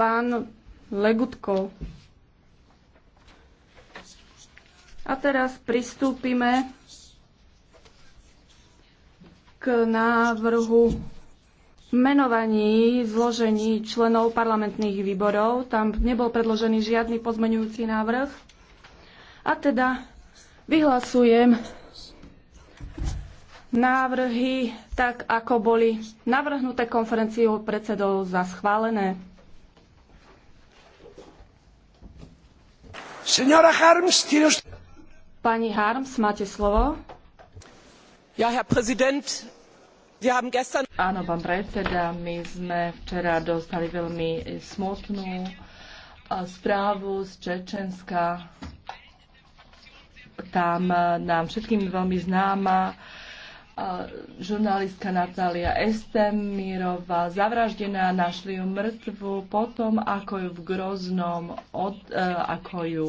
pán Legutko. A teraz pristúpime k návrhu menovaní zložení členov parlamentných výborov. Tam nebol predložený žiadny pozmenujúci návrh. A teda vyhlasujem návrhy tak, ako boli navrhnuté konferenciou predsedov za schválené. Pani Harms, máte slovo. Ja, Herr Präsident, Áno, pán predseda, my sme včera dostali veľmi smutnú správu z Čečenska. Tam e, nám všetkým veľmi známa žurnalistka Natália Estemírová zavraždená, našli ju mŕtvu potom, ako ju v Groznom, od, e, ako ju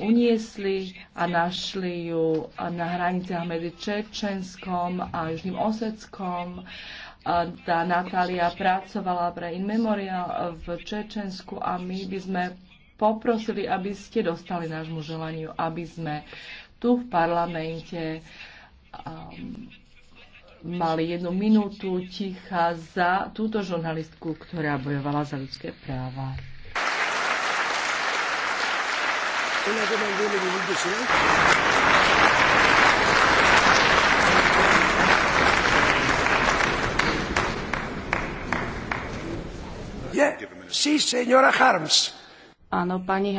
uniesli a našli ju na hraniciach medzi Čečenskom a Južným Oseckom. Tá Natália pracovala pre In Memorial v Čečensku a my by sme poprosili, aby ste dostali nášmu želaniu, aby sme tu v parlamente uh, Um, mali jednu minútu ticha za túto žurnalistku, ktorá bojovala za ľudské práva. Yeah. Sí, señora Harms. Áno, pani Harms.